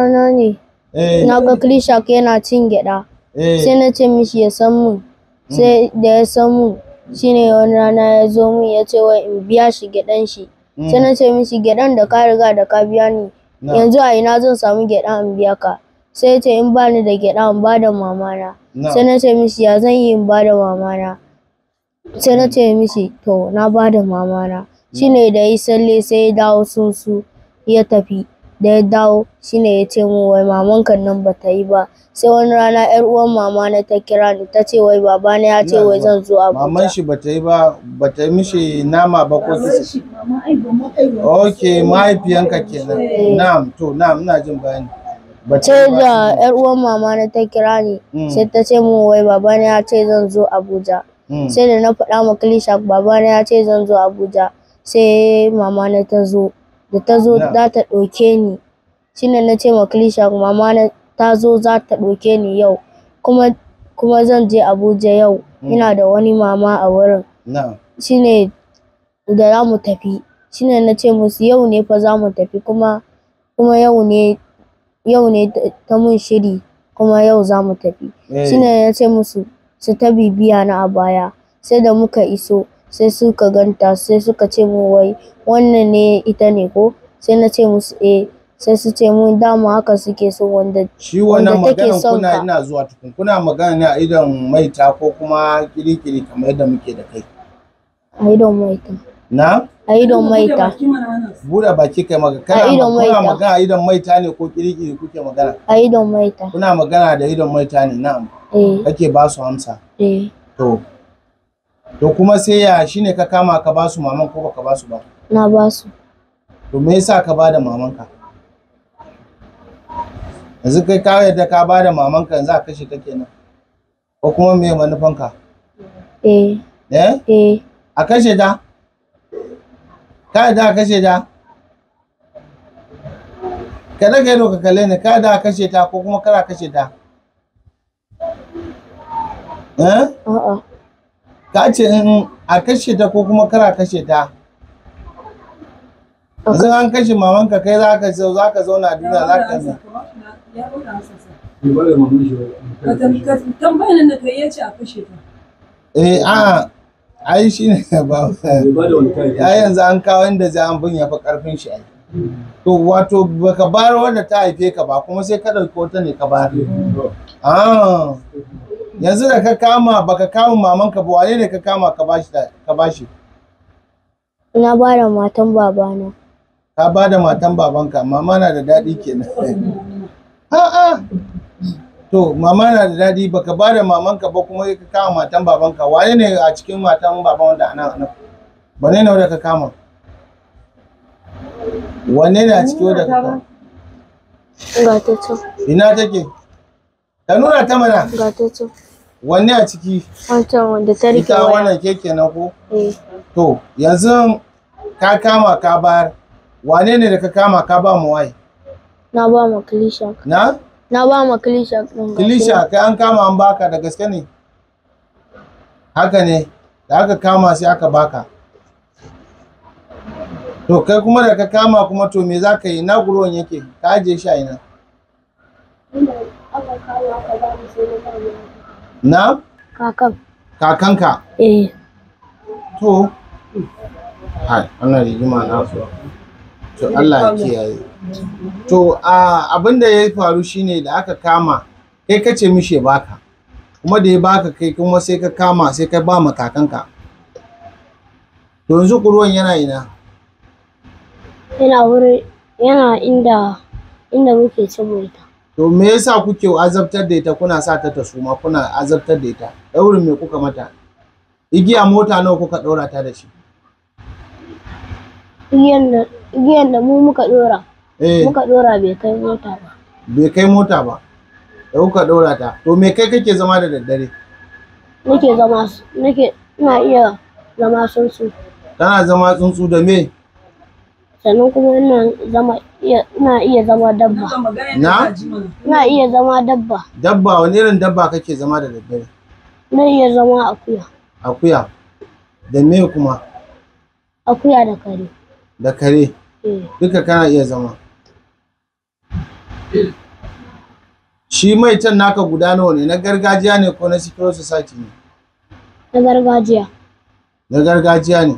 rana ne na ga ke yana cin gyaɗa eh. sai na ce mishi ya san mu hmm. sai da ya san mun shine wani rana ya zo mun ya ce wai in biya shi gyaɗan shi hmm. sai na ce mishi gyaɗan da ka riga da ka biya ni yanzu a ina zan samu gyaɗa in biya ka sai ya ce in bani da gyaɗa in bada mamana sai na ce mishi ya zan yi in ba mama mamana sai na hmm. ce mishi to na ba mama mamana shine da yi salle sai ya dawo sunsu ya tafi da ya dawo shine ya ce min wai mamanka nan ba ta yi ba sai wani rana yar uwan mama na ta kira ni ta ce wai baba ne ya ce wai zan zo Abuja maman shi ba ta yi ba ba ta yi mishi nama ba ko su okay mahaifiyanka kenan eh. na'am to na'am ina jin bayani sai da yar uwan mama na ta kira ni hmm. sai ta ce min wai baba hmm. ne ya ce zan zo Abuja sai da na faɗa ma Klishak baba ne ya ce zan zo Abuja sai mama na ta zo da ta zo za ta ɗauke ni shine na ce ma kuma mama na ta zo za ta ɗauke ni yau kuma kuma zan je Abuja yau mm. ina da wani mama a wurin shine da za mu tafi shine na ce musu yau ne fa za mu tafi kuma kuma yau ne yau ne ta mun shiri kuma yau za mu tafi eh. shine na ce musu su ta bibiya na a baya sai da muka iso sai suka ganta sai suka ce mu wai wannan ne ita ne ko sai na ce musu eh sai su ce mun dama haka suke so wanda shi wannan maganan kuna ina zuwa tukun kuna magana ne a idan maita ko kuma kirikiri kamar yadda muke da kai a idan maita na a idon maita Bude baki kai maka kana kuna magana a idon maita ne ko kirikiri kuke magana a idon maita kuna magana da idon maita ne na'am eh kake ba su amsa eh to To kuma sai ya shine ka kama ka basu maman ko baka basu ba? Na basu. To me yasa ka bada mamanka? Yanzu kai ka yarda ka bada mamanka yanzu a kashe ta kenan. Ko kuma me manufanka? Eh. Eh? Eh. A kashe ta? Ka yarda a kashe ta? Kada ka yi ka kalle ne ka yarda a kashe ta ko kuma kara kashe ta? Eh? A'a. ka ce in a kashe ta ko kuma kara kashe ta zan an kashe mamanka kai za ka za zauna a duniya za ka zauna tambayan da kai ya ce eh a ai shi ne ba ya yanzu an kawo inda za an bin ya fi karfin shi ai to wato baka bar wanda ta haife ka ba kuma sai ka ɗauki wata ne ka bar ah. yanzu da ka kama baka kama mamanka ba wane ne ka kama ka bashi ka bashi na ba da matan babana ka ba da matan babanka mama na da daɗi kenan a'a to mama na da daɗi baka ba da mamanka ba kuma ka kama matan babanka wane ne a cikin matan baban wanda anan anan wane ne wanda ka kama wanne ne a cikin wanda ka kama ta ina take ta nuna ta mana ga ta wanne a ciki wancan wanda ta rike ita wannan ke na ko eh. to yanzu ka kama ka bayar wane ne da ka kama ka ba mu waye na ba mu klishak na na ba mu klishak din kai an kama an baka da gaske ne haka ne da aka kama sai aka baka to kai kuma da ka kama kuma to me za ka yi na guruwan yake ka ajiye shi a ina aka kama ba mu sai na kakan kakanka eh to hai ana rigima na so to Allah ya kiyaye to abin da ya faru shine da aka kama kai kace mishi baka kuma da ya baka kai kuma sai ka kama sai ka ba kakanka to yanzu kuruwan yana ina yana wuri yana inda inda muke saboda to me yasa kuke azabtar da ita kuna sa ta tasu ma kuna azabtar da ita daurin me kuka mata igiya mota nawa kuka daura ta da shi igiyan da mu muka Eh. muka ɗora bai kai mota ba bai kai mota ba da kuka dora ta to me kai kake zama da daddare nake zama nake ina iya zama tsuntsu kana zama tsuntsu da me sannan kuma ina zama ina iya zama dabba na ina iya zama dabba dabba wani irin dabba kake zama da daddare ina iya zama akuya akuya da me kuma akuya da kare da kare eh. duka kana iya zama shi mai can naka guda nawa ne na gargajiya ne ko na secret society ne na gargajiya na gargajiya ne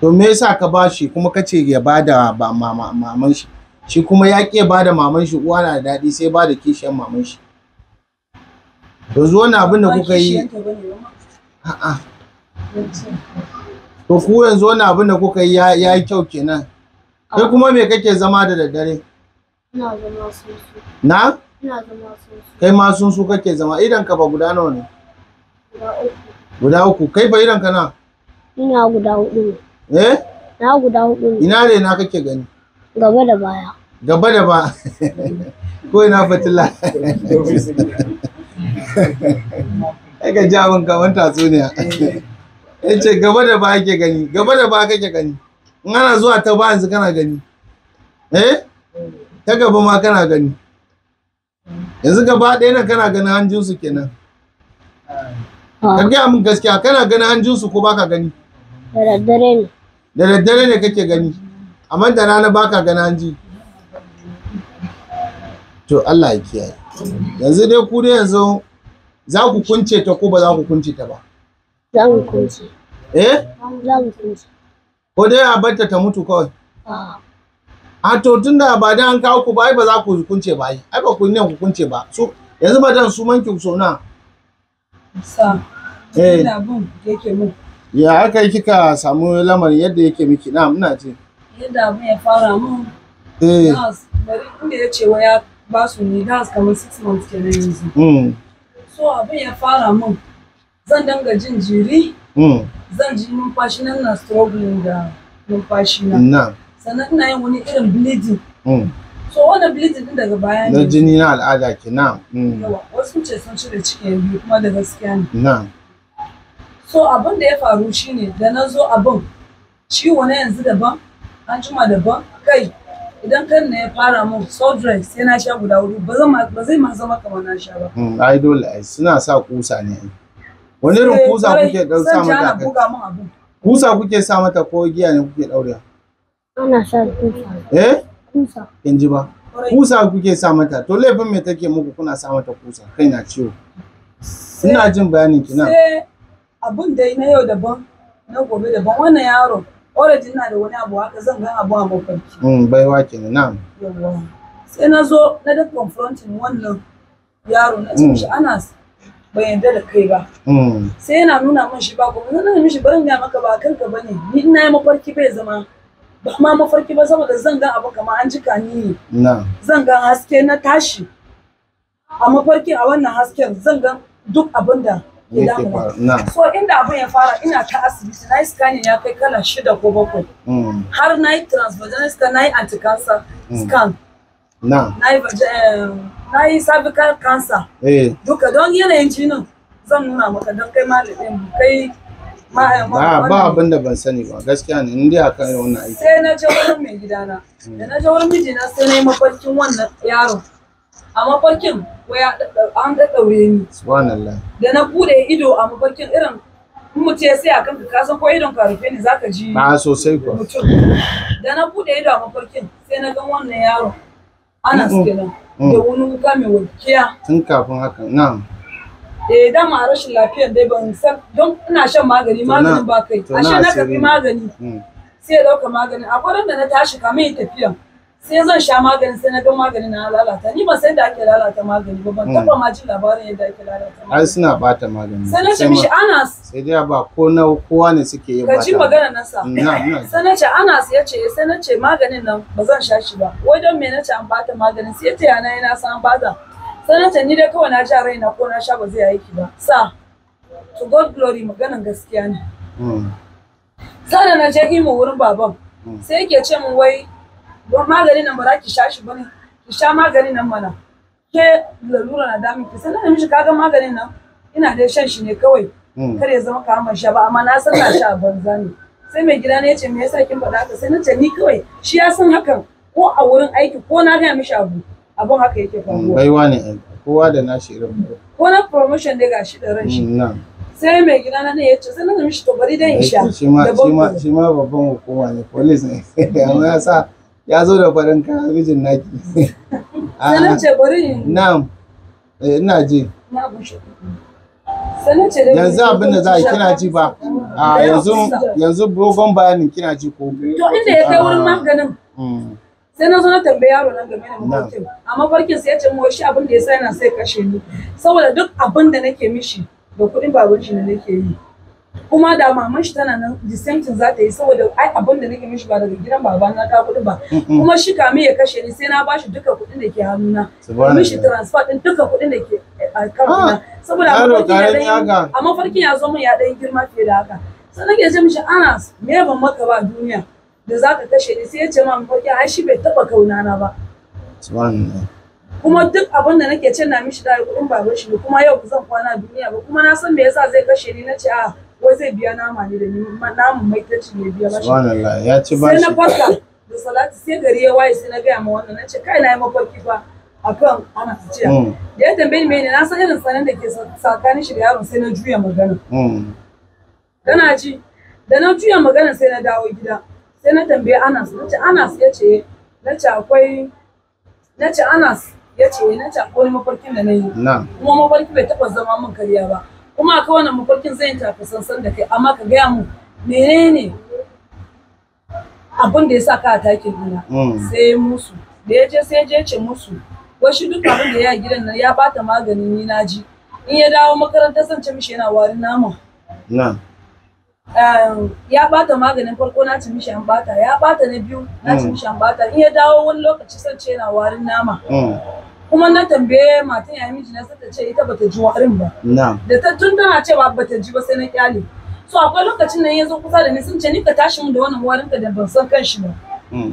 to me yasa ka ba shi kuma ka ce ya bada ba maman shi shi kuma ya ke bada maman shi uwa na da daɗi sai bada kishiyar maman shi to zo na abin da kuka yi to ku yanzu wani abin da kuka yi ya yi kyau kenan kai kuma me kake zama da daddare ina zama sunsu na ina zama sunsu kai ma sunsu kake zama idan ka ba guda nawa ne guda uku guda uku kai ba idan ka na ina guda uku ne Eh? Na guda hudu Ina ne na kake gani? Gaba da baya. Gaba da baya. Ko ina fitila. Ai ka ja mun kaman tatsuniya. Ya ce gaba da baya kake gani, gaba da baya kake gani. In ana zuwa ta ba yanzu kana gani. Eh? Ta gaba ma kana gani. Yanzu gaba ɗaya na kana ganin hanjin hanjinsu kenan. Ka ah. gaya min gaskiya kana ganin hanjin su ko baka gani? Da daddare ne. da daddare ne kake gani amma da rana baka gana ji to Allah ya kiyaye yanzu dai ku dai yanzu za ku kunce ta ko ba za ku kunce ta ba za ku kunce eh za ku kunce ko dai a barta ta mutu kawai a to tunda ba dan an kawo ku ba ai ba za ku kunce ba ai ba ku ne ku kunce ba so yanzu ba dan su manki so na sa eh da bun yake mun ya aka kika samu lamar yadda yake miki na muna ce yadda abu ya fara mun eh bari inda ya ce wa ya ba su ni das kamar 6 months kenan yanzu mm. so abin ya fara mun zan danga jin jiri mm. zan ji numfashi nan na struggling da numfashi na sannan ina yin wani irin bleeding mm. so wannan bleeding din daga baya ne na jini na al'ada ke na wasu ce sun cire cikin biyu kuma da gaskiya ne na'am so abin da ya faru shine da na zo abin ciwo na yanzu daban an jima daban kai idan kan na ya fara mun sodrex sai na sha guda hudu ba zai ma zama kamar na sha ba hmm, ai dole ai suna sa kusa ne wani irin eh, kusa kuke dan sa mata kai kusa kuke sa mata ko giya ne kuke daure ana sa kusa eh kusa kin ji ba kusa kuke sa mata to laifin me take muku kuna sa mata kusa kai na ciwo ina jin bayanin ki nan abun dai na yau daban na gobe daban wannan yaro already ina da wani abu haka zan gan abu a mafarki mm baiwa kenan na'am na. sai na zo na da confronting wannan yaro na ce mm. ana bai yarda da kai ba mm. sai yana nuna min shi ba gobe na nuna mishi barin ga maka ba kanka bane ni ina yi mafarki bai zama ba ma mafarki ba saboda zan ga abu kamar an jika ni ne zan ga haske na tashi a mafarki a wannan hasken zan ga duk abin da yake fara so inda abin ya fara ina ta asibiti na scanning ya kai kala shida ko bakwai mm. har na yi transvaginal scan na yi anti-cancer mm. scan na na yi eh, cervical cancer eh. duka don yanayin jinin zan nuna maka don kai malamin kai eh, ba abin da ban sani ba gaskiya ne inda aka yi wannan aiki sai na je wurin mai gidana da na je wurin mijina sai na yi mafarkin wannan yaron a mafarkin waya an daddaure ni subhanallah da na bude ido a mafarkin irin in mutum ya sai akan kanka ka san ko idon ka rufe ne zaka ji na sosai ko mutum da na bude ido a mafarkin sai na ga wannan yaron Anas kenan mm. da wani wuka mai walkiya tun kafin haka na'am eh dama rashin lafiyar dai ban san don ina shan magani maganin ba kai a shan na karbi magani mm. sai ya dauka magani a gurin da na tashi kamar tafiya sai zan sha magani sai na ga magani na lalata ni ba sai da ake lalata magani ba ban hmm. taba ma jin labarin yadda ake lalata magani ai suna bata magani sai na ce mishi Anas sai dai ba ko na kowa ne suke yin bata ka ji magana na sa sai na ce Anas ya ce sai na ce maganin nan ba zan sha shi ba wai don me na ce an bata maganin sai ya ce yana yana san bata sai na ce ni dai kawai na ja na ko na sha ba zai aiki ba sa to God glory maganan gaskiya ne hmm. sai na je mu wurin baban hmm. sai yake ce min wai don maganin nan ba za ki sha shi ne, ki sha maganin nan mana ke lalura na damin ki sannan da miji ga maganin nan ina da shan shi ne kawai hmm. kar ya zama kamar sha ba amma na san na sha banza ne sai mai gida ne ya ce me yasa kin faɗa haka sai na ce ni kawai shi ya san hakan ko a wurin aiki ko na gaya mishi abu abun haka yake hmm, faruwa baiwa ne eh. kowa da nashi irin ko na promotion dai gashi da ran shi hmm, sai mai gida na ne ya ce sannan da mishi to bari dai in eh, sha shi ma babban hukuma ne police ne amma ya sa ya zo da farin kaya mijin naki sanin ce bari na'am eh, ina ji na bushe yanzu abin da za a kina ji ba a ah, yanzu yanzu dogon bayanin kina ji ko to inda ya kai wurin maganin mm. sai na zo na tambayi yaro nan game da mafarkin amma mafarkin sai ya ce shi abin da ya sa yana sai kashe ni saboda duk abin da nake mishi da kuɗin babanci ne nake yi kuma da maman shi tana nan the same thing za ta yi saboda ai abin da nake mishi ba daga gidan babana ta kuɗi ba kuma shi kame ya kashe ni sai na bashi duka kuɗin da ke hannuna mishi transfer din duka kuɗin da ke eh, account ah, saboda a mafarkin ya zo min ya ɗan girma fiye da haka sai nake ce mishi anas me ban maka ba duniya da za ka kashe ni sai ya ce ma mafarkin ai shi bai taɓa kaunana ba kuma duk abin da nake ce na mishi da kuɗin baban shi kuma yau zan kwana duniya ba kuma na san me yasa zai kashe ni na ce a ah, wai zai biya nama ne da ni namun mai tace ne biya bashi subhanallah ya ci bashi sai na farka da salati sai gari ya waye sai na gaya ma wannan nace kai na yi mafarki fa akan ana taciya mm. da ya tambayi ni ne na san irin sanin da ke tsakanin shi da yaron sai na juya magana kana mm. ji da na juya magana sai na dawo gida sai na tambaye Anas nace Anas ya ce nace akwai nace Anas ya ce nace akwai mafarkin da na yi kuma mafarkin bai taɓa zama min karya ba kuma ka wannan mafarkin zan yi tafi sansan da kai amma ka gaya mu menene abin da ya sa ka takin gina mm. sai musu da ya je sai je ce musu wasu duk abin da ya gidan nan ya bata maganin ni na ji in ya dawo makarantar san ce mishi yana warin nama ehm, ya bata maganin farko na ci mishi an bata ya bata na biyu na ci mm. mishi an bata in ya dawo wani lokaci san ce yana warin nama mm. kuma na tambaye matan yayin miji na ta ce ita bata ji warin ba da ta tun tana cewa bata ji ba sai na kyale so akwai lokacin nan yanzu kusa da ni sun ce ni ka tashi mun da wannan warin ka da ban san kan shi ba mm.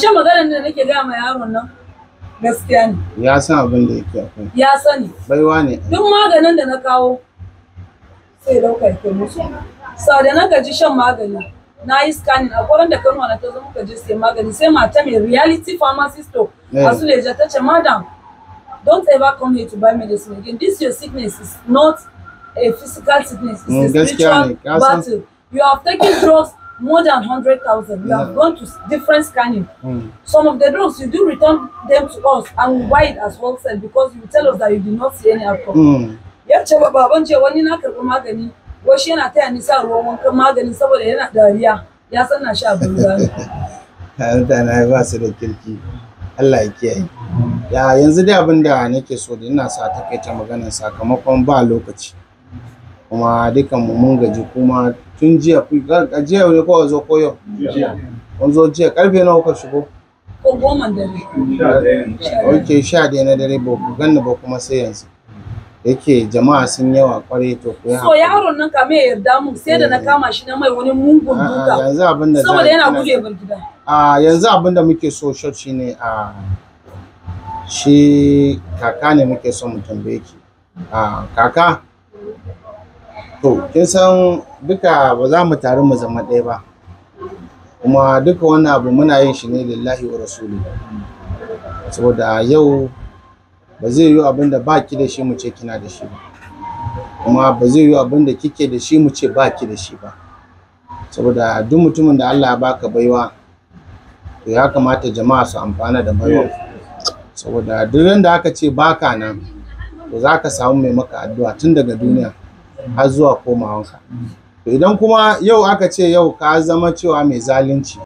shan maganar da nake gaya ma yaron nan gaskiya ne ya san abin da yake akwai ya sani baiwa ne duk maganin da na kawo sai dauka ke musu sa da na gaji shan magani na yi scanning a da kanwa na ta zama ka je sai magani sai mata mai reality pharmacist to Asuleja Teche, madam, don't ever come here to buy medicine again. This your sickness is not a physical sickness, it's mm, a spiritual battle. You have taken drugs more than 100,000. You yeah. have gone to different scanning. Mm. Some of the drugs, you do return them to us and we buy it as well said because you tell us that you did not see any alcohol. Mm. Ya ce ba baban ce wani na karɓi magani, wasu yana taya ni sa ruwan wankan magani saboda yana dariya, ya san na sha banza. Mutane ba su da kirki. Allah ya kiyaye ya yanzu dai abin da nake so da ina sa kaita magana sakamakon ba lokaci kuma dukan mu mun gaji kuma tun jiya jiya ne ko zo ko yau kun zo jiya karfe nawa ka shigo ko goma dare Okay, sha daya na dare ba ku ganni ba kuma sai yanzu yake jama'a sun yawa kwarai to ku so yaron nan ka mai yarda mun sai da na eh. kama shi na mai wani mungun duka yanzu abin da saboda yana guje bar gida a yanzu abin da muke so shot shine a shi kaka ne muke so mu tambaye ki a kaka to kin san duka ba za mu taru mu zama ɗaya ba kuma duka wannan abu muna yin shi ne lillahi wa rasuli saboda yau ba zai yi abin da baki da shi mu ce kina da shi ba kuma ba zai yi abin da kike da shi mu ce baki da shi ba saboda duk mutumin da Allah ya baka baiwa to ya kamata jama'a su amfana da baiwa saboda duk da aka ce baka nan to za samu mai maka addu'a tun daga duniya har zuwa komawanka to idan kuma yau aka ce yau ka zama cewa mai zalunci